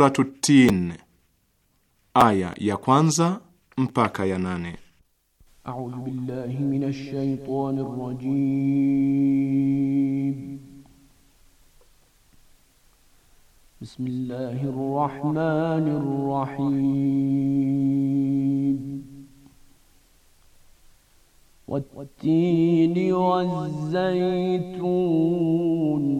Suratu Tin, aya ya kwanza mpaka ya nane. A'udhu billahi minash rajim. Bismillahir rahmanir rahim. Wat-tini waz-zaytun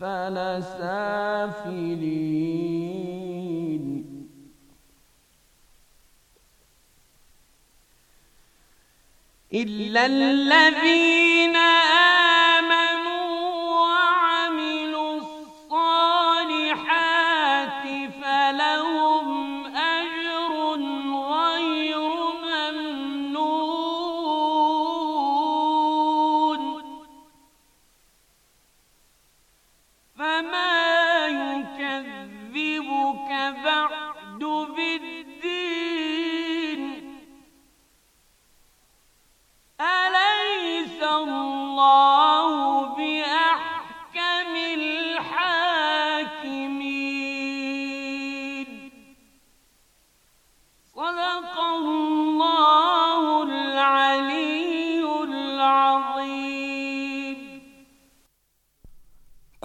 فلسافلين إلا الذين آمنوا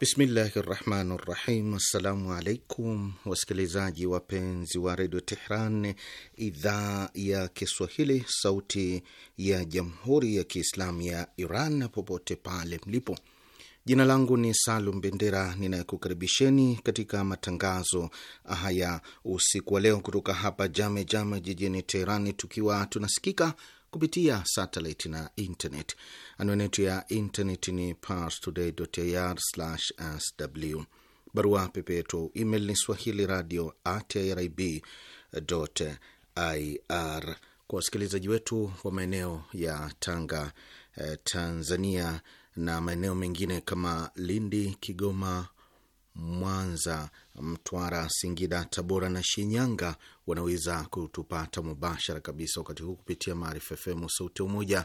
Bismillahi rahmani rahim. Assalamu alaikum wasikilizaji wapenzi wa redio Tehran, idhaa ya Kiswahili, sauti ya jamhuri ya kiislamu ya Iran, popote pale mlipo. Jina langu ni Salum Bendera, ninayekukaribisheni katika matangazo haya usiku wa leo kutoka hapa Jame Jame jijini Teherani, tukiwa tunasikika kupitia satelit na internet. Anwani yetu ya internet ni parstoday.ir/sw. Barua pepe yetu email ni swahili radio at ir. Kwa wasikilizaji wetu wa maeneo ya Tanga, eh, Tanzania na maeneo mengine kama Lindi, Kigoma, Mwanza, Mtwara, Singida, Tabora na Shinyanga wanaweza kutupata mubashara kabisa wakati huu kupitia Maarifa FM sauti umoja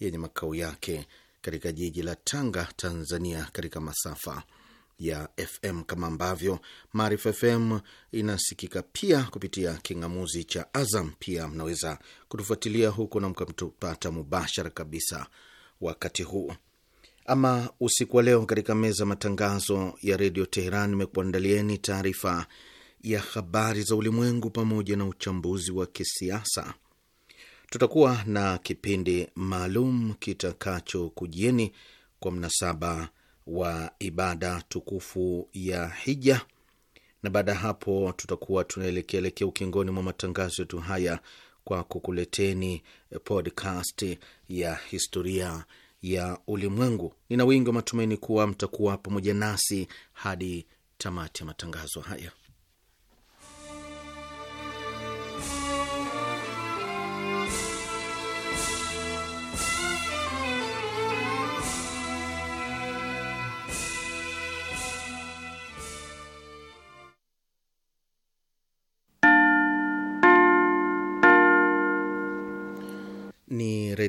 yenye makao yake katika jiji la Tanga, Tanzania, katika masafa ya FM kama ambavyo Maarifa FM inasikika pia kupitia king'amuzi cha Azam. Pia mnaweza kutufuatilia huko na mkamtupata mubashara kabisa wakati huu. Ama usiku wa leo, katika meza matangazo ya redio Teheran imekuandalieni taarifa ya habari za ulimwengu pamoja na uchambuzi wa kisiasa. Tutakuwa na kipindi maalum kitakachokujieni kwa mnasaba wa ibada tukufu ya Hija, na baada ya hapo tutakuwa tunaelekeelekea ukingoni mwa matangazo yetu haya kwa kukuleteni podcast ya historia ya ulimwengu. Nina wingi wa matumaini kuwa mtakuwa pamoja nasi hadi tamati ya matangazo haya.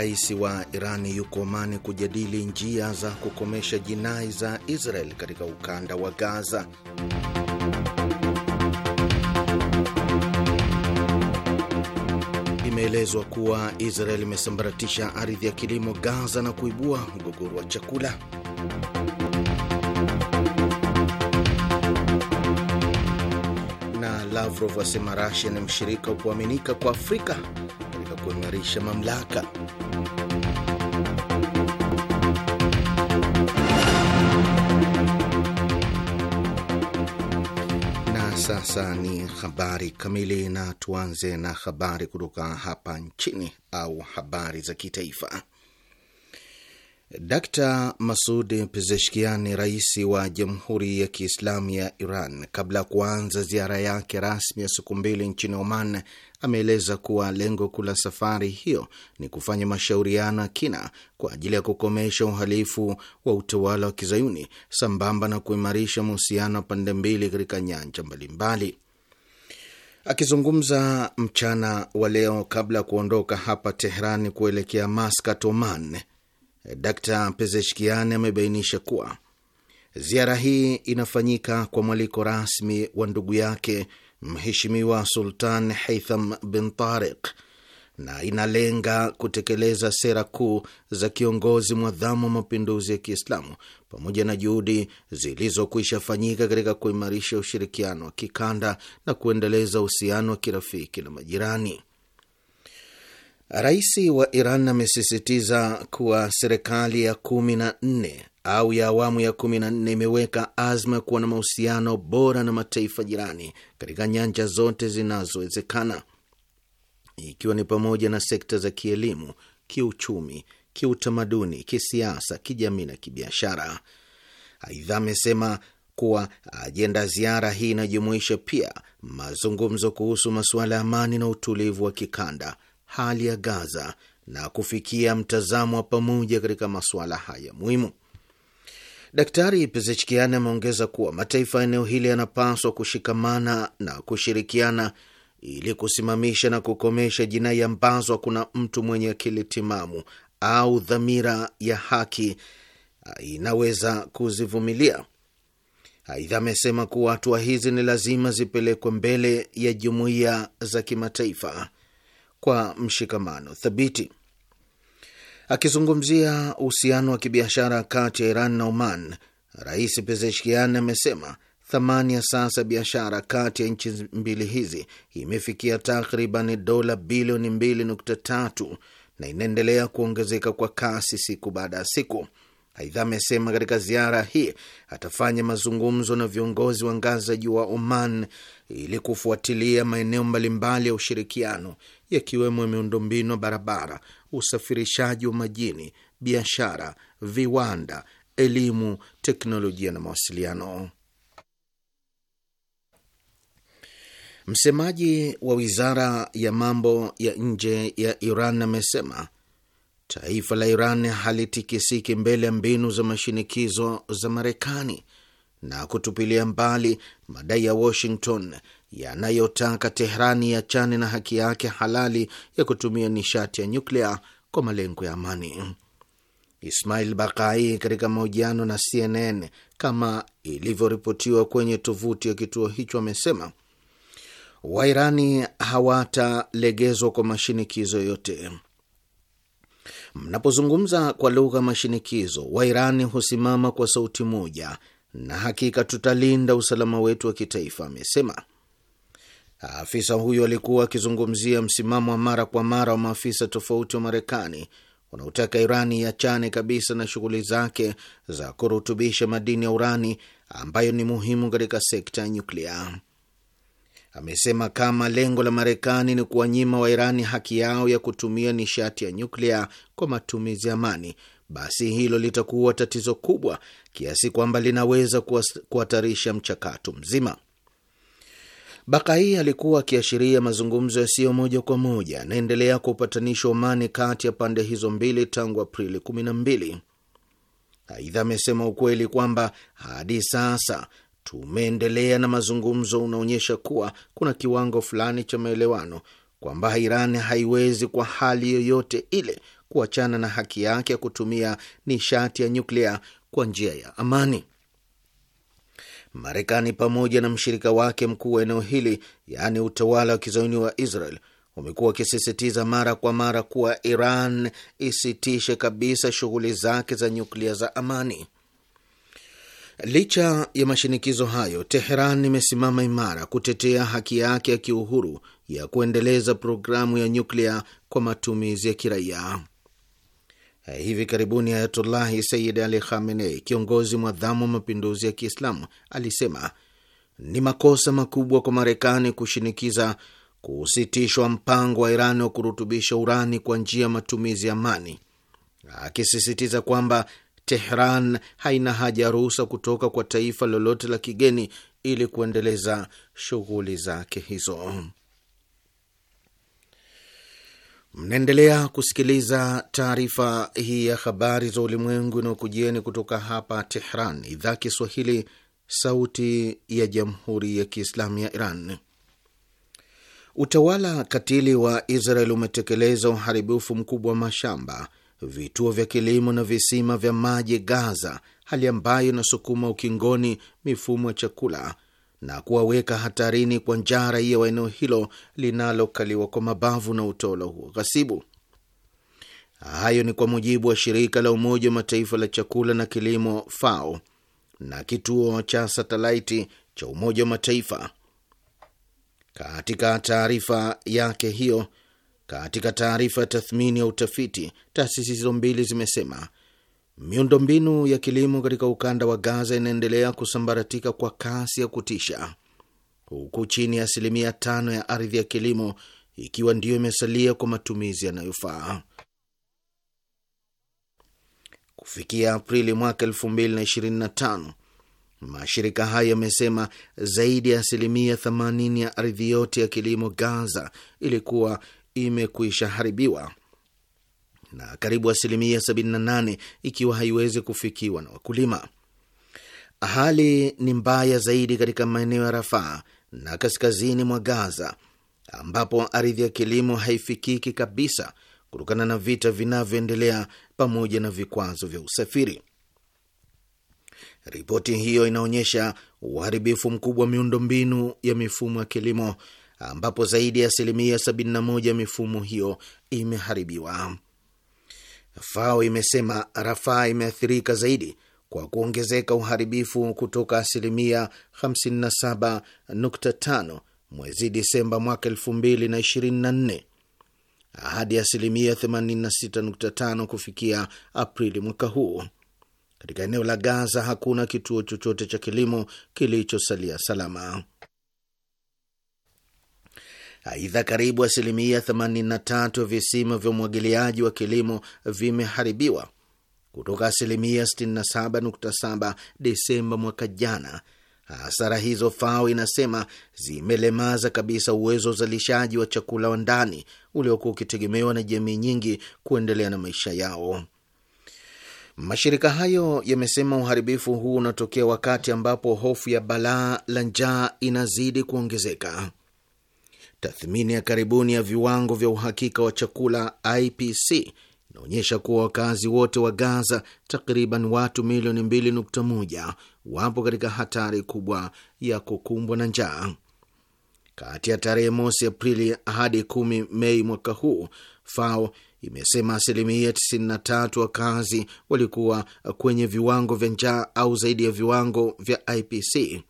Rais wa Irani yuko Omani kujadili njia za kukomesha jinai za Israel katika ukanda wa Gaza. Imeelezwa kuwa Israel imesambaratisha ardhi ya kilimo Gaza na kuibua mgogoro wa chakula. Na Lavrov asema Rasia ni mshirika wa kuaminika kwa Afrika katika kuimarisha mamlaka. sasa ni habari kamili, na tuanze na habari kutoka hapa nchini au habari za kitaifa. Dkt Masud Pezeshkiani, rais wa Jamhuri ya Kiislamu ya Iran, kabla ya kuanza ziara yake rasmi ya siku mbili nchini Oman, ameeleza kuwa lengo kuu la safari hiyo ni kufanya mashauriano ya kina kwa ajili ya kukomesha uhalifu wa utawala wa kizayuni sambamba na kuimarisha mahusiano wa pande mbili katika nyanja mbalimbali. Akizungumza mchana wa leo kabla ya kuondoka hapa Teherani kuelekea Maskat, Oman, Eh, Dkt Pezeshkian amebainisha kuwa ziara hii inafanyika kwa mwaliko rasmi wa ndugu yake Mheshimiwa Sultan Haitham bin Tarik na inalenga kutekeleza sera kuu za kiongozi mwadhamu wa mapinduzi ya Kiislamu pamoja na juhudi zilizokwisha fanyika katika kuimarisha ushirikiano wa kikanda na kuendeleza uhusiano wa kirafiki na majirani. Rais wa Iran amesisitiza kuwa serikali ya kumi na nne au ya awamu ya kumi na nne imeweka azma ya kuwa na mahusiano bora na mataifa jirani katika nyanja zote zinazowezekana ikiwa ni pamoja na sekta za kielimu, kiuchumi, kiutamaduni, kisiasa, kijamii na kibiashara. Aidha, amesema kuwa ajenda ziara hii inajumuisha pia mazungumzo kuhusu masuala ya amani na utulivu wa kikanda hali ya Gaza na kufikia mtazamo wa pamoja katika masuala haya muhimu. Daktari Pezeshkian ameongeza kuwa mataifa ya eneo hili yanapaswa kushikamana na kushirikiana ili kusimamisha na kukomesha jinai ambazo hakuna mtu mwenye akili timamu au dhamira ya haki inaweza kuzivumilia. Aidha, amesema kuwa hatua hizi ni lazima zipelekwe mbele ya jumuiya za kimataifa kwa mshikamano thabiti. Akizungumzia uhusiano wa kibiashara kati ya Iran na Oman, Rais Pezeshkian amesema thamani ya sasa biashara kati ya nchi mbili hizi imefikia takriban dola bilioni 2.3 na inaendelea kuongezeka kwa kasi siku baada ya siku. Aidha, amesema katika ziara hii atafanya mazungumzo na viongozi wa ngazi za juu wa Oman ili kufuatilia maeneo mbalimbali ya ushirikiano yakiwemo miundombinu barabara, usafirishaji wa majini, biashara, viwanda, elimu, teknolojia na mawasiliano. Msemaji wa wizara ya mambo ya nje ya Iran amesema taifa la Iran halitikisiki mbele ya mbinu za mashinikizo za Marekani na kutupilia mbali madai ya Washington yanayotaka Teherani yachane na haki yake halali ya kutumia nishati ya nyuklia kwa malengo ya amani. Ismail Bakai katika mahojiano na CNN kama ilivyoripotiwa kwenye tovuti ya kituo hicho amesema Wairani hawatalegezwa kwa mashinikizo yote Mnapozungumza kwa lugha mashinikizo, Wairani husimama kwa sauti moja, na hakika tutalinda usalama wetu wa kitaifa, amesema. Afisa huyo alikuwa akizungumzia msimamo wa mara kwa mara wa maafisa tofauti wa Marekani unaotaka Irani iachane kabisa na shughuli zake za kurutubisha madini ya urani ambayo ni muhimu katika sekta ya nyuklia. Amesema kama lengo la Marekani ni kuwanyima Wairani haki yao ya kutumia nishati ya nyuklia kwa matumizi ya amani, basi hilo litakuwa tatizo kubwa kiasi kwamba linaweza kuhatarisha mchakato mzima. Bakai alikuwa akiashiria mazungumzo yasiyo moja kwa moja yanaendelea kwa upatanishi wa amani kati ya pande hizo mbili tangu Aprili 12. Aidha, amesema ukweli kwamba hadi sasa tumeendelea na mazungumzo unaonyesha kuwa kuna kiwango fulani cha maelewano, kwamba Iran haiwezi kwa hali yoyote ile kuachana na haki yake ya kutumia nishati ya nyuklia kwa njia ya amani. Marekani pamoja na mshirika wake mkuu wa eneo hili, yaani utawala wa kizayuni wa Israel, umekuwa wakisisitiza mara kwa mara kuwa Iran isitishe kabisa shughuli zake za nyuklia za amani. Licha ya mashinikizo hayo, Teheran imesimama imara kutetea haki yake ya kiuhuru ya kuendeleza programu ya nyuklia kwa matumizi ya kiraia. Hivi karibuni Ayatullahi Sayid Ali Khamenei, kiongozi mwadhamu wa mapinduzi ya Kiislamu, alisema ni makosa makubwa kwa Marekani kushinikiza kusitishwa mpango wa Irani wa kurutubisha urani kwa njia ya matumizi ya amani, akisisitiza kwamba Tehran haina haja ya ruhusa kutoka kwa taifa lolote la kigeni ili kuendeleza shughuli zake hizo. Mnaendelea kusikiliza taarifa hii ya habari za ulimwengu inayokujieni kutoka hapa Tehran, idhaa Kiswahili, sauti ya jamhuri ya kiislamu ya Iran. Utawala katili wa Israel umetekeleza uharibifu mkubwa wa mashamba, vituo vya kilimo na visima vya maji Gaza, hali ambayo inasukuma ukingoni mifumo ya chakula na kuwaweka hatarini kwa njaa raia wa eneo hilo linalokaliwa kwa mabavu na utawala huo ghasibu. Hayo ni kwa mujibu wa shirika la Umoja wa Mataifa la chakula na kilimo FAO na kituo cha satelaiti cha Umoja wa Mataifa katika taarifa yake hiyo. Katika taarifa ya tathmini ya utafiti, taasisi hizo mbili zimesema Miundombinu ya kilimo katika ukanda wa Gaza inaendelea kusambaratika kwa kasi ya kutisha, huku chini ya asilimia tano ya ardhi ya kilimo ikiwa ndiyo imesalia kwa matumizi yanayofaa. Kufikia Aprili mwaka 2025 mashirika hayo yamesema zaidi ya asilimia 80 ya ardhi yote ya kilimo Gaza ilikuwa imekwisha haribiwa na karibu asilimia 78 ikiwa haiwezi kufikiwa na wakulima. Hali ni mbaya zaidi katika maeneo ya Rafaa na kaskazini mwa Gaza, ambapo ardhi ya kilimo haifikiki kabisa kutokana na vita vinavyoendelea pamoja na vikwazo vya usafiri. Ripoti hiyo inaonyesha uharibifu mkubwa wa miundombinu ya mifumo ya kilimo ambapo zaidi ya asilimia 71 ya mifumo hiyo imeharibiwa. FAO imesema Rafaa imeathirika zaidi kwa kuongezeka uharibifu kutoka asilimia 57.5 mwezi Disemba mwaka 2024 hadi asilimia 86.5 kufikia Aprili mwaka huu. Katika eneo la Gaza hakuna kituo chochote cha kilimo kilichosalia salama. Aidha, karibu asilimia 83 ya visima vya umwagiliaji wa kilimo vimeharibiwa kutoka asilimia 67.7 Desemba mwaka jana. Hasara hizo, FAO inasema zimelemaza kabisa uwezo wa uzalishaji wa chakula wa ndani uliokuwa ukitegemewa na jamii nyingi kuendelea na maisha yao. Mashirika hayo yamesema uharibifu huu unatokea wakati ambapo hofu ya balaa la njaa inazidi kuongezeka. Tathmini ya karibuni ya viwango vya uhakika wa chakula IPC inaonyesha kuwa wakazi wote wa Gaza, takriban watu milioni 2.1 wapo katika hatari kubwa ya kukumbwa na njaa. Kati ya tarehe mosi Aprili hadi 10 Mei mwaka huu, FAO imesema asilimia 93 wakazi walikuwa kwenye viwango vya njaa au zaidi ya viwango vya IPC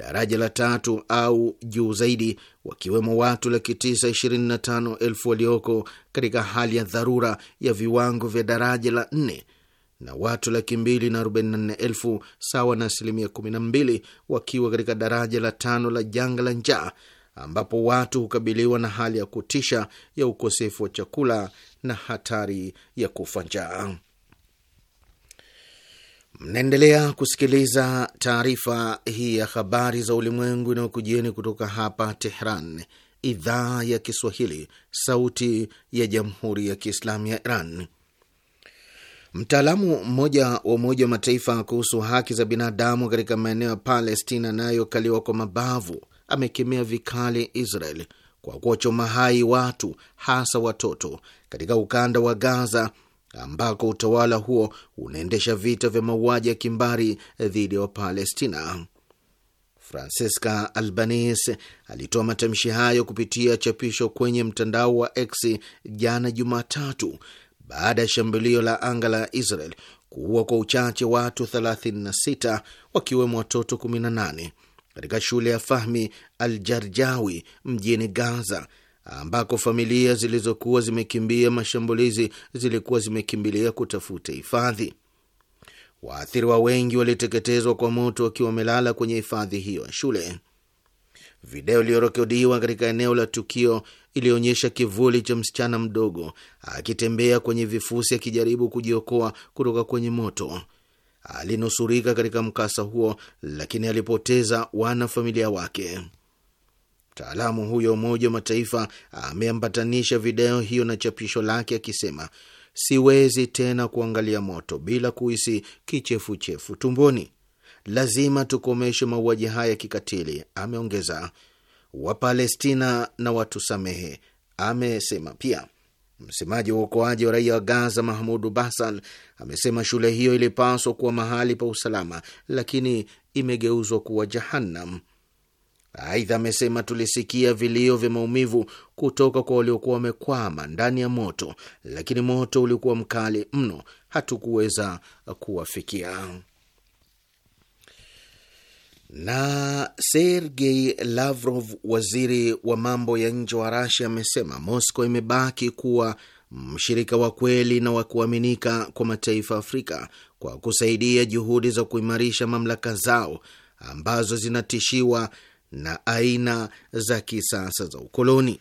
daraja la tatu au juu zaidi, wakiwemo watu laki tisa ishirini na tano elfu walioko katika hali ya dharura ya viwango vya daraja la nne na watu laki mbili na arobaini na nne elfu sawa na asilimia kumi na mbili wakiwa katika daraja la tano la janga la njaa ambapo watu hukabiliwa na hali ya kutisha ya ukosefu wa chakula na hatari ya kufa njaa. Mnaendelea kusikiliza taarifa hii ya habari za ulimwengu inayokujieni kutoka hapa Tehran, idhaa ya Kiswahili, sauti ya jamhuri ya kiislamu ya Iran. Mtaalamu mmoja wa Umoja wa Mataifa kuhusu haki za binadamu katika maeneo ya Palestina yanayokaliwa kwa mabavu amekemea vikali Israel kwa kuwachoma hai watu, hasa watoto, katika ukanda wa Gaza ambako utawala huo unaendesha vita vya mauaji ya kimbari dhidi ya Wapalestina. Francesca Albanese alitoa matamshi hayo kupitia chapisho kwenye mtandao wa X jana Jumatatu, baada ya shambulio la anga la Israel kuua kwa uchache watu 36 wakiwemo watoto 18 katika shule ya Fahmi al jarjawi mjini Gaza ambako familia zilizokuwa zimekimbia mashambulizi zilikuwa zimekimbilia kutafuta hifadhi. Waathiriwa wengi waliteketezwa kwa moto wakiwa wamelala kwenye hifadhi hiyo ya shule. Video iliyorekodiwa katika eneo la tukio ilionyesha kivuli cha msichana mdogo akitembea kwenye vifusi akijaribu kujiokoa kutoka kwenye moto. Alinusurika katika mkasa huo, lakini alipoteza wanafamilia wake. Mtaalamu huyo wa Umoja wa Mataifa ameambatanisha video hiyo na chapisho lake akisema, siwezi tena kuangalia moto bila kuhisi kichefuchefu tumboni. Lazima tukomeshe mauaji haya ya kikatili, ameongeza. Wapalestina na watusamehe, amesema pia. Msemaji wa uokoaji wa raia wa Gaza, Mahmudu Basan, amesema shule hiyo ilipaswa kuwa mahali pa usalama, lakini imegeuzwa kuwa jahannam. Aidha amesema tulisikia vilio vya maumivu kutoka kwa waliokuwa wamekwama ndani ya moto, lakini moto ulikuwa mkali mno, hatukuweza kuwafikia. Na Sergei Lavrov, waziri wa mambo ya nje wa Rasia, amesema Moscow imebaki kuwa mshirika wa kweli na wa kuaminika kwa mataifa Afrika kwa kusaidia juhudi za kuimarisha mamlaka zao ambazo zinatishiwa na aina za kisasa za ukoloni.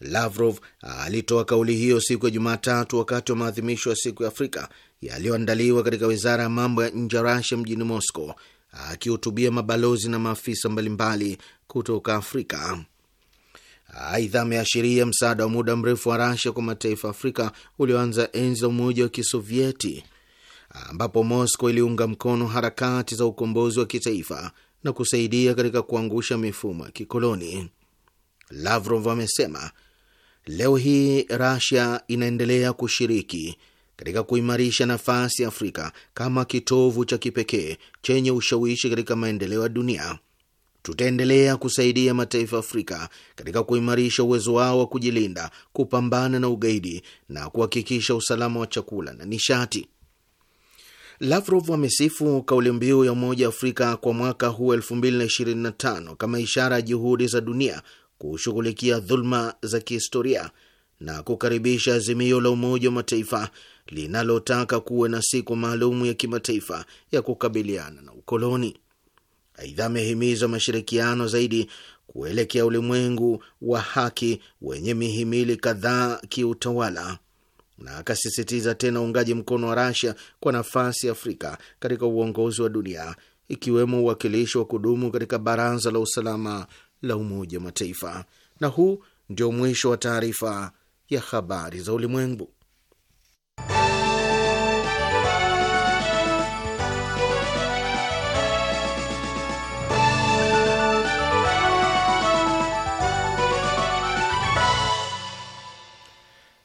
Lavrov alitoa kauli hiyo siku ya Jumatatu wakati wa maadhimisho ya siku ya Afrika yaliyoandaliwa katika wizara ya mambo ya nje ya Rasia mjini Moscow, akihutubia mabalozi na maafisa mbalimbali kutoka Afrika. Aidha, ameashiria msaada wa muda mrefu wa Rasia kwa mataifa ya Afrika ulioanza enzi za Umoja wa Kisovieti, ambapo Moscow iliunga mkono harakati za ukombozi wa kitaifa na kusaidia katika kuangusha mifumo ya kikoloni. Lavrov amesema leo hii Rasia inaendelea kushiriki katika kuimarisha nafasi ya Afrika kama kitovu cha kipekee chenye ushawishi katika maendeleo ya dunia. Tutaendelea kusaidia mataifa Afrika katika kuimarisha uwezo wao wa kujilinda, kupambana na ugaidi na kuhakikisha usalama wa chakula na nishati. Lavrov amesifu kauli mbiu ya Umoja wa Afrika kwa mwaka huu 2025 kama ishara ya juhudi za dunia kushughulikia dhuluma za kihistoria na kukaribisha azimio la Umoja wa Mataifa linalotaka kuwe na siku maalumu ya kimataifa ya kukabiliana na ukoloni. Aidha, amehimiza mashirikiano zaidi kuelekea ulimwengu wa haki wenye mihimili kadhaa kiutawala na akasisitiza tena uungaji mkono wa Rasia kwa nafasi ya Afrika katika uongozi wa dunia ikiwemo uwakilishi wa kudumu katika Baraza la Usalama la Umoja wa Mataifa. Na huu ndio mwisho wa taarifa ya habari za ulimwengu.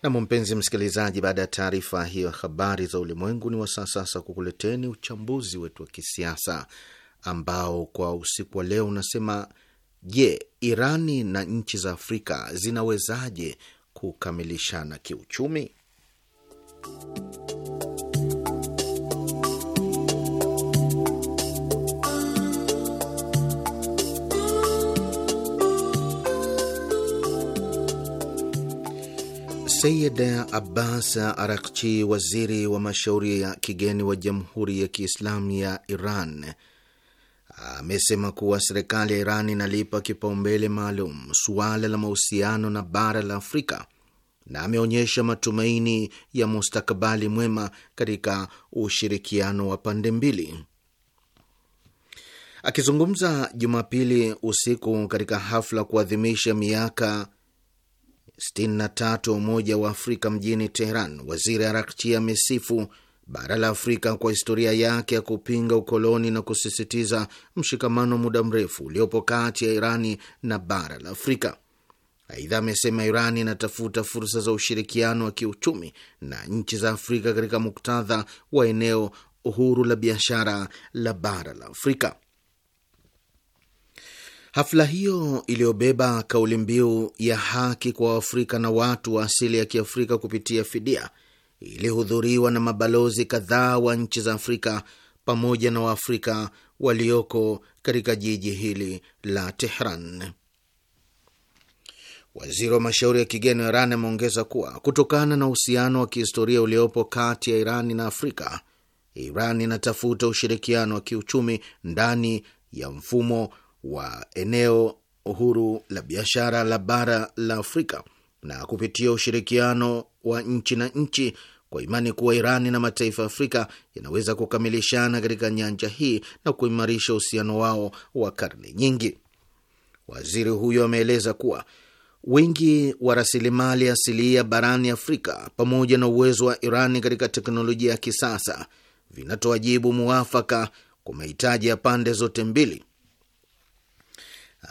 Nam, mpenzi msikilizaji, baada ya taarifa hiyo habari za ulimwengu, ni wasaa sasa kukuleteni uchambuzi wetu wa kisiasa ambao kwa usiku wa leo unasema: Je, Irani na nchi za Afrika zinawezaje kukamilishana kiuchumi? Sayid Abbas Arakchi, waziri wa mashauri ya kigeni wa Jamhuri ya Kiislamu ya Iran, amesema kuwa serikali ya Iran inalipa kipaumbele maalum suala la mahusiano na bara la Afrika na ameonyesha matumaini ya mustakabali mwema katika ushirikiano wa pande mbili. Akizungumza Jumapili usiku katika hafla kuadhimisha miaka 63 Umoja wa Afrika mjini Teheran, Waziri Arakchi amesifu bara la Afrika kwa historia yake ya kupinga ukoloni na kusisitiza mshikamano muda mrefu uliopo kati ya Irani na bara la Afrika. Aidha, amesema Irani inatafuta fursa za ushirikiano wa kiuchumi na nchi za Afrika katika muktadha wa eneo uhuru la biashara la bara la Afrika. Hafla hiyo iliyobeba kauli mbiu ya haki kwa Waafrika na watu wa asili ya Kiafrika kupitia fidia ilihudhuriwa na mabalozi kadhaa wa nchi za Afrika pamoja na Waafrika walioko katika jiji hili la Tehran. Waziri wa mashauri ya kigeni wa Iran ameongeza kuwa kutokana na uhusiano wa kihistoria uliopo kati ya Irani na Afrika, Iran inatafuta ushirikiano wa kiuchumi ndani ya mfumo wa eneo uhuru la biashara la bara la Afrika na kupitia ushirikiano wa nchi na nchi kwa imani kuwa Irani na mataifa ya Afrika yanaweza kukamilishana katika nyanja hii na kuimarisha uhusiano wao wa karne nyingi. Waziri huyo ameeleza kuwa wingi wa rasilimali asilia barani Afrika pamoja na uwezo wa Irani katika teknolojia ya kisasa vinatoa jibu muafaka kwa mahitaji ya pande zote mbili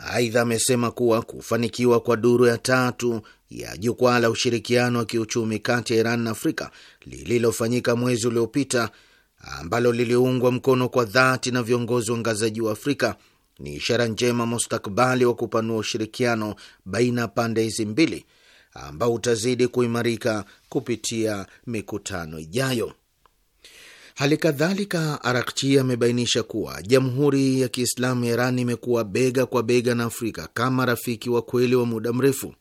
Aidha, amesema kuwa kufanikiwa kwa duru ya tatu ya jukwaa la ushirikiano wa kiuchumi kati ya Iran na Afrika lililofanyika mwezi uliopita, ambalo liliungwa mkono kwa dhati na viongozi wa ngazi juu wa Afrika, ni ishara njema mustakbali wa kupanua ushirikiano baina ya pande hizi mbili ambao utazidi kuimarika kupitia mikutano ijayo. Hali kadhalika Arakchi amebainisha kuwa Jamhuri ya Kiislamu ya Iran imekuwa bega kwa bega na Afrika kama rafiki wa kweli wa muda mrefu.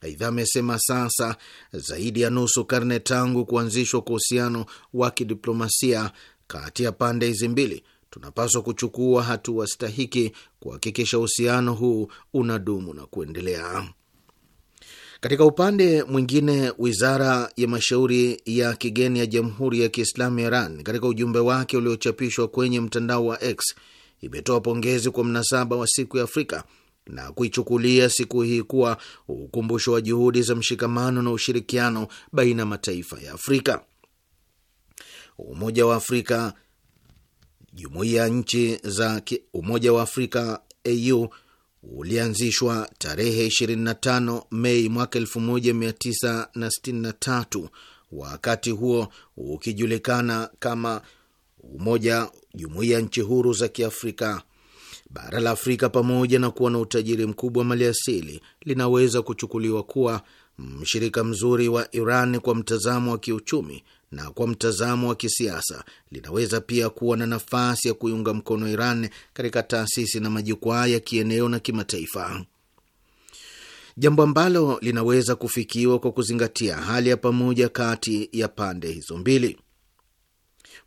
Aidha, amesema sasa zaidi ya nusu karne tangu kuanzishwa kwa uhusiano wa kidiplomasia kati ya pande hizi mbili, tunapaswa kuchukua hatua stahiki kuhakikisha uhusiano huu unadumu na kuendelea. Katika upande mwingine, wizara ya mashauri ya kigeni ya Jamhuri ya Kiislamu ya Iran katika ujumbe wake uliochapishwa kwenye mtandao wa X imetoa pongezi kwa mnasaba wa siku ya Afrika na kuichukulia siku hii kuwa ukumbusho wa juhudi za mshikamano na ushirikiano baina ya mataifa ya Afrika. Umoja wa Afrika, jumuiya ya nchi za Umoja wa Afrika au ulianzishwa tarehe 25 Mei mwaka 1963, wakati huo ukijulikana kama Umoja Jumuiya Nchi Huru za Kiafrika. Bara la Afrika, pamoja na kuwa na utajiri mkubwa wa maliasili, linaweza kuchukuliwa kuwa mshirika mzuri wa Iran kwa mtazamo wa kiuchumi na kwa mtazamo wa kisiasa linaweza pia kuwa na nafasi ya kuiunga mkono Iran katika taasisi na majukwaa ya kieneo na kimataifa, jambo ambalo linaweza kufikiwa kwa kuzingatia hali ya pamoja kati ya pande hizo mbili.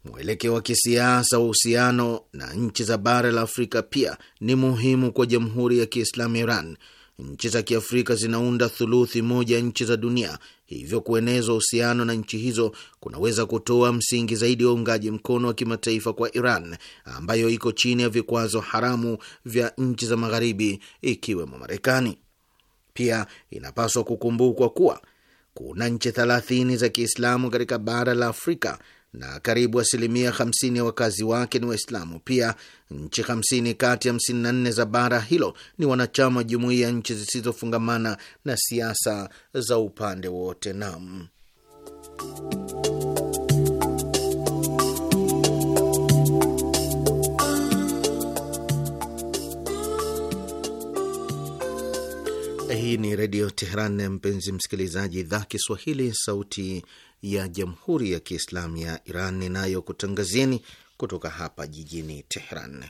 Mwelekeo wa kisiasa wa uhusiano na nchi za bara la Afrika pia ni muhimu kwa Jamhuri ya Kiislamu Iran. Nchi za Kiafrika zinaunda thuluthi moja ya nchi za dunia, hivyo kuenezwa uhusiano na nchi hizo kunaweza kutoa msingi zaidi wa uungaji mkono wa kimataifa kwa Iran ambayo iko chini ya vikwazo haramu vya nchi za Magharibi ikiwemo Marekani. Pia inapaswa kukumbukwa kuwa kuna nchi thelathini za Kiislamu katika bara la Afrika na karibu asilimia 50 ya wakazi wake ni Waislamu. Pia nchi 50 kati ya 54 za bara hilo ni wanachama wa jumuiya ya nchi zisizofungamana na siasa za upande wote. Naam. Hii ni Redio Teheran, mpenzi msikilizaji, idhaa Kiswahili, sauti ya Jamhuri ya Kiislamu ya Iran inayokutangazieni kutoka hapa jijini Tehran.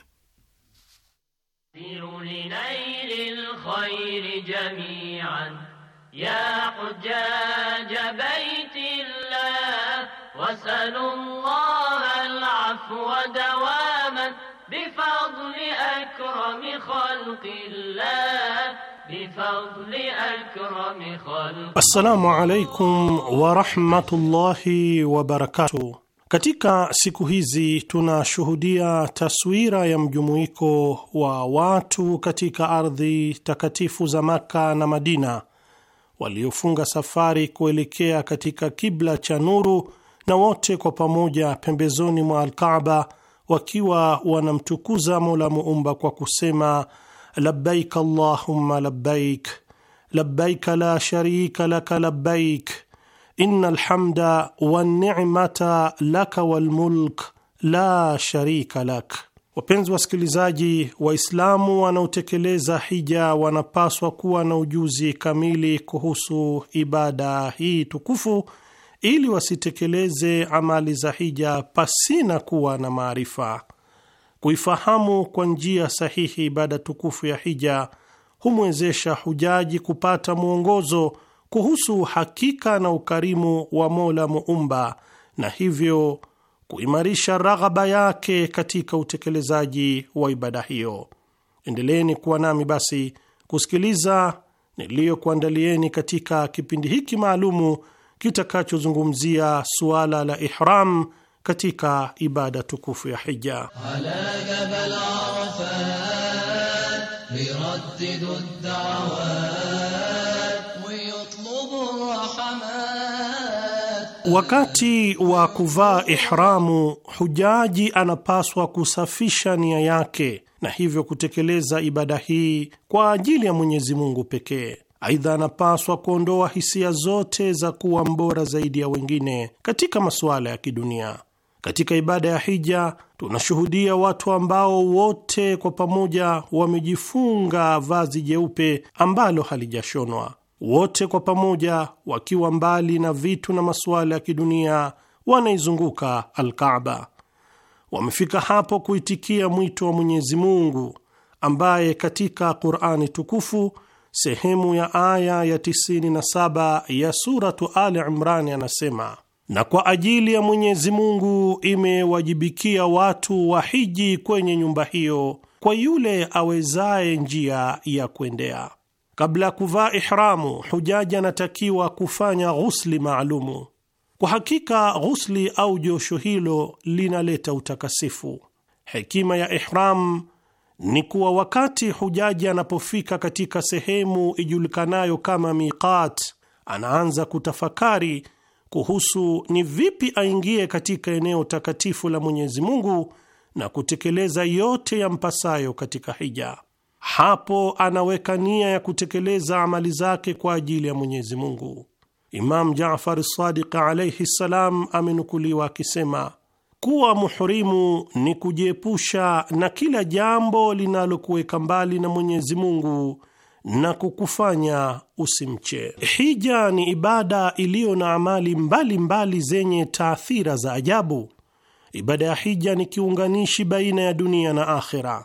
Assalamu alaikum warahmatullahi wabarakatu. Katika siku hizi tunashuhudia taswira ya mjumuiko wa watu katika ardhi takatifu za Maka na Madina waliofunga safari kuelekea katika kibla cha nuru, na wote kwa pamoja pembezoni mwa Alkaaba wakiwa wanamtukuza Mola Muumba kwa kusema labbaik allahumma labbaik labbaik la sharika laka labbaik inna alhamda wanni'mata laka walmulk la sharika lak. Wapenzi wasikilizaji, Waislamu wanaotekeleza hija wanapaswa kuwa na ujuzi kamili kuhusu ibada hii tukufu ili wasitekeleze amali za hija pasina kuwa na maarifa kuifahamu kwa njia sahihi ibada tukufu ya hija humwezesha hujaji kupata mwongozo kuhusu hakika na ukarimu wa Mola Muumba na hivyo kuimarisha raghaba yake katika utekelezaji wa ibada hiyo. Endeleeni kuwa nami basi kusikiliza niliyokuandalieni katika kipindi hiki maalumu kitakachozungumzia suala la ihram katika ibada tukufu ya hija. Wakati wa kuvaa ihramu, hujaji anapaswa kusafisha nia yake na hivyo kutekeleza ibada hii kwa ajili ya Mwenyezi Mungu pekee. Aidha, anapaswa kuondoa hisia zote za kuwa mbora zaidi ya wengine katika masuala ya kidunia. Katika ibada ya hija tunashuhudia watu ambao wote kwa pamoja wamejifunga vazi jeupe ambalo halijashonwa, wote kwa pamoja wakiwa mbali na vitu na masuala ya kidunia, wanaizunguka alkaba Wamefika hapo kuitikia mwito wa Mwenyezi Mungu ambaye katika Qur'ani tukufu sehemu ya aya ya 97 ya suratu Ali imrani anasema: na kwa ajili ya Mwenyezi Mungu imewajibikia watu wahiji kwenye nyumba hiyo kwa yule awezaye njia ya kuendea. Kabla ya kuvaa ihramu, hujaji anatakiwa kufanya ghusli maalumu. Kwa hakika ghusli au josho hilo linaleta utakasifu. Hekima ya ihram ni kuwa wakati hujaji anapofika katika sehemu ijulikanayo kama miqat, anaanza kutafakari kuhusu ni vipi aingie katika eneo takatifu la Mwenyezi Mungu na kutekeleza yote yampasayo katika hija. Hapo anaweka nia ya kutekeleza amali zake kwa ajili ya Mwenyezi Mungu. Imam Jafar Sadiq alayhi ssalam amenukuliwa akisema kuwa muhurimu ni kujiepusha na kila jambo linalokuweka mbali na Mwenyezi Mungu na kukufanya usimche. Hija ni ibada iliyo na amali mbalimbali mbali zenye taathira za ajabu. Ibada ya hija ni kiunganishi baina ya dunia na akhera.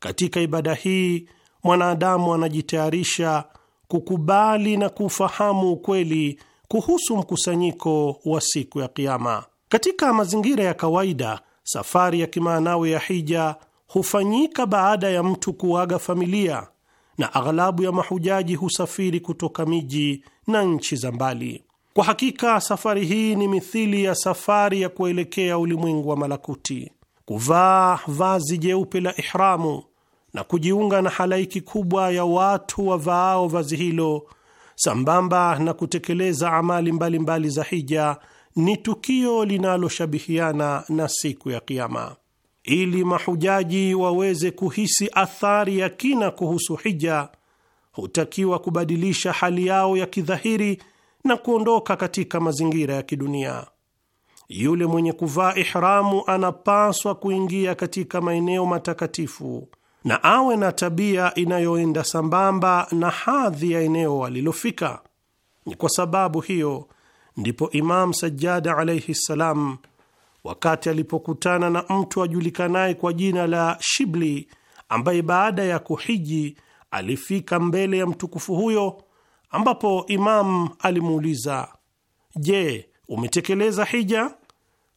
Katika ibada hii mwanadamu anajitayarisha kukubali na kufahamu ukweli kuhusu mkusanyiko wa siku ya Kiama. Katika mazingira ya kawaida, safari ya kimaanawe ya hija hufanyika baada ya mtu kuaga familia na aghalabu ya mahujaji husafiri kutoka miji na nchi za mbali. Kwa hakika safari hii ni mithili ya safari ya kuelekea ulimwengu wa malakuti. Kuvaa vazi jeupe la ihramu na kujiunga na halaiki kubwa ya watu wavaao vazi hilo sambamba na kutekeleza amali mbalimbali mbali za hija ni tukio linaloshabihiana na siku ya Kiama ili mahujaji waweze kuhisi athari ya kina kuhusu hija, hutakiwa kubadilisha hali yao ya kidhahiri na kuondoka katika mazingira ya kidunia. Yule mwenye kuvaa ihramu anapaswa kuingia katika maeneo matakatifu na awe na tabia inayoenda sambamba na hadhi ya eneo alilofika. Ni kwa sababu hiyo ndipo Imam Sajjada alaihi ssalam wakati alipokutana na mtu ajulikanaye kwa jina la Shibli ambaye baada ya kuhiji alifika mbele ya mtukufu huyo, ambapo Imam alimuuliza, je, umetekeleza hija?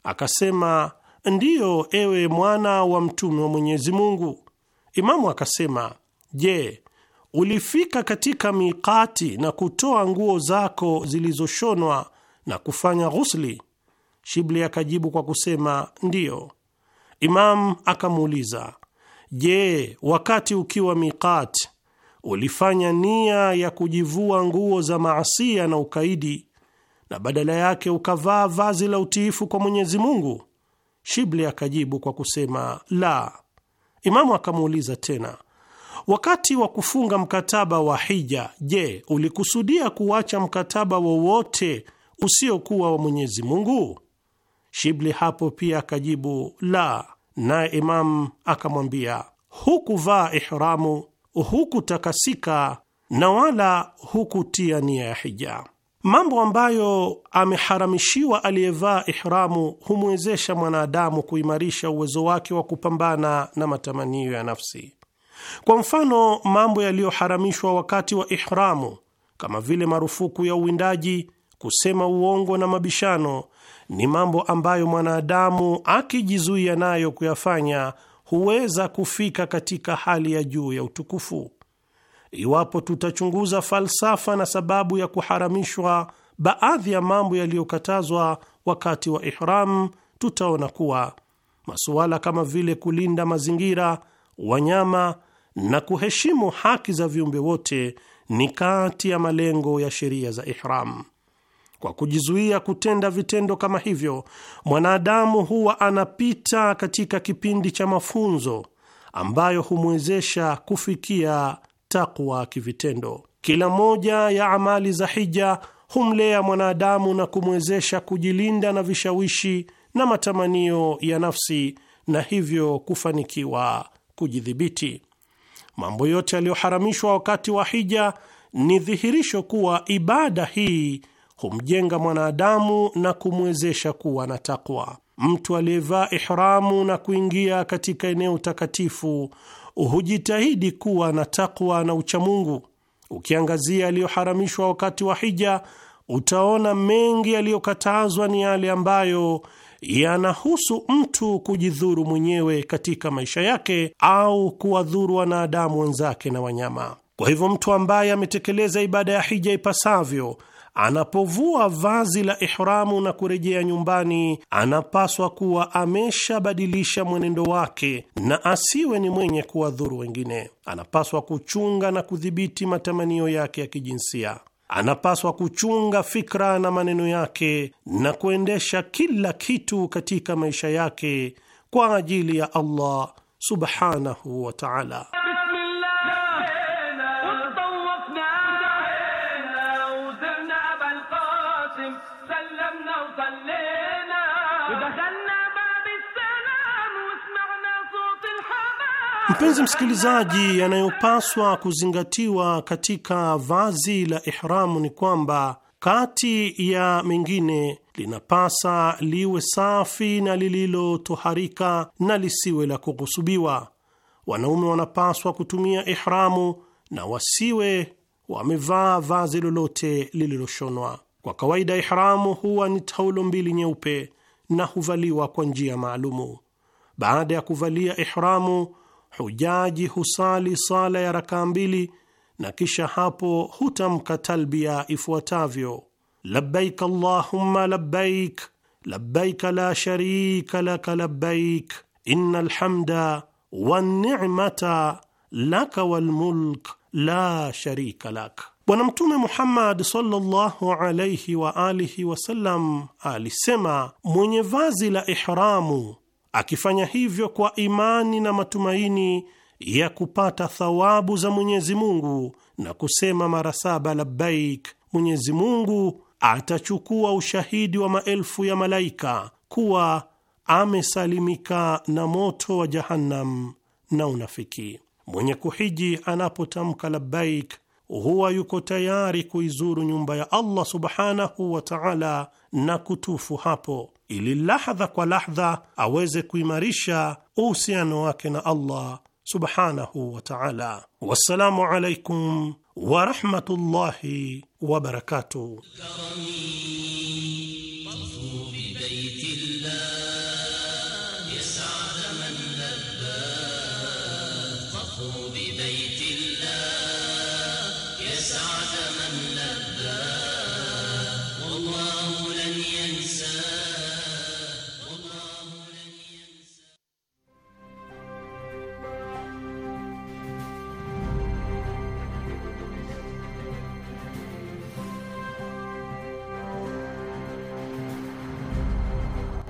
Akasema, ndiyo, ewe mwana wa mtume wa Mwenyezi Mungu. Imamu akasema, je, ulifika katika miqati na kutoa nguo zako zilizoshonwa na kufanya ghusli? Shibli akajibu kwa kusema ndiyo. Imam akamuuliza, je, wakati ukiwa miqat ulifanya nia ya kujivua nguo za maasia na ukaidi na badala yake ukavaa vazi la utiifu kwa Mwenyezi Mungu? Shibli akajibu kwa kusema la. Imamu akamuuliza tena, wakati wa kufunga mkataba wa hija, je, ulikusudia kuacha mkataba wowote usiokuwa wa Mwenyezi Mungu? Shibli hapo pia akajibu la, naye Imam akamwambia hukuvaa ihramu, hukutakasika na wala hukutia nia ya hija. Mambo ambayo ameharamishiwa aliyevaa ihramu humwezesha mwanadamu kuimarisha uwezo wake wa kupambana na matamanio ya nafsi. Kwa mfano, mambo yaliyoharamishwa wakati wa ihramu kama vile marufuku ya uwindaji, kusema uongo na mabishano ni mambo ambayo mwanadamu akijizuia nayo kuyafanya huweza kufika katika hali ya juu ya utukufu. Iwapo tutachunguza falsafa na sababu ya kuharamishwa baadhi ya mambo yaliyokatazwa wakati wa ihram, tutaona kuwa masuala kama vile kulinda mazingira, wanyama na kuheshimu haki za viumbe wote ni kati ya malengo ya sheria za ihram. Kwa kujizuia kutenda vitendo kama hivyo, mwanadamu huwa anapita katika kipindi cha mafunzo ambayo humwezesha kufikia takwa kivitendo. Kila moja ya amali za hija humlea mwanadamu na kumwezesha kujilinda na vishawishi na matamanio ya nafsi na hivyo kufanikiwa kujidhibiti. Mambo yote yaliyoharamishwa wakati wa hija ni dhihirisho kuwa ibada hii humjenga mwanadamu na kumwezesha kuwa na takwa. Mtu aliyevaa ihramu na kuingia katika eneo takatifu hujitahidi kuwa na takwa na uchamungu. Ukiangazia aliyoharamishwa wakati wa hija, utaona mengi yaliyokatazwa ni yale ambayo yanahusu mtu kujidhuru mwenyewe katika maisha yake au kuwadhuru wanadamu wenzake na wanyama. Kwa hivyo mtu ambaye ametekeleza ibada ya hija ipasavyo anapovua vazi la ihramu na kurejea nyumbani, anapaswa kuwa ameshabadilisha mwenendo wake na asiwe ni mwenye kuwadhuru wengine. Anapaswa kuchunga na kudhibiti matamanio yake ya kijinsia. Anapaswa kuchunga fikra na maneno yake na kuendesha kila kitu katika maisha yake kwa ajili ya Allah subhanahu wa ta'ala. Mpenzi msikilizaji, yanayopaswa kuzingatiwa katika vazi la ihramu ni kwamba kati ya mengine linapasa liwe safi na lililotoharika na lisiwe la kughusubiwa. Wanaume wanapaswa kutumia ihramu na wasiwe wamevaa vazi lolote lililoshonwa. Kwa kawaida, ihramu huwa ni taulo mbili nyeupe na huvaliwa kwa njia maalumu. Baada ya kuvalia ihramu hujaji husali sala ya rakaa mbili na kisha hapo hutamka talbia ifuatavyo: labbaik allahumma labbaik labbaik la sharika laka labbaik inna alhamda wannicmata laka walmulk la sharika lak. Bwana Mtume Muhammad sallallahu alayhi wa alihi wasallam alisema, mwenye vazi la ihramu akifanya hivyo kwa imani na matumaini ya kupata thawabu za Mwenyezi Mungu na kusema mara saba labbaik, Mwenyezi Mungu atachukua ushahidi wa maelfu ya malaika kuwa amesalimika na moto wa Jahannam na unafiki. Mwenye kuhiji anapotamka labbaik huwa yuko tayari kuizuru nyumba ya Allah subhanahu wa ta'ala na kutufu hapo ili lahdha kwa lahdha aweze kuimarisha uhusiano wake na Allah subhanahu wa ta'ala. Wassalamu alaikum wa rahmatullahi wa barakatuh.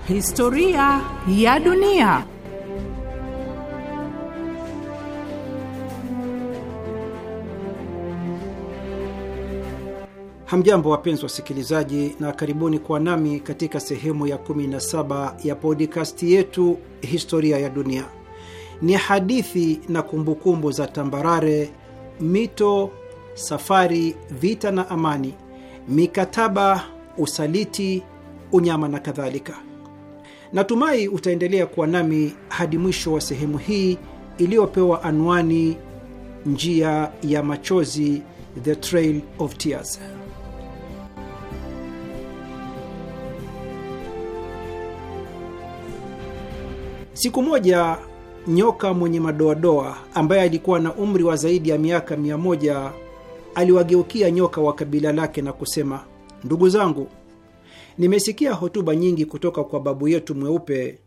Historia ya dunia. Hamjambo, wapenzi wasikilizaji, na karibuni kwa nami katika sehemu ya 17 ya podikasti yetu Historia ya Dunia. Ni hadithi na kumbukumbu za tambarare, mito, safari, vita na amani, mikataba, usaliti, unyama na kadhalika. Natumai utaendelea kuwa nami hadi mwisho wa sehemu hii iliyopewa anwani njia ya machozi, the trail of tears. Siku moja nyoka mwenye madoadoa ambaye alikuwa na umri wa zaidi ya miaka mia moja aliwageukia nyoka wa kabila lake na kusema, ndugu zangu Nimesikia hotuba nyingi kutoka kwa babu yetu mweupe,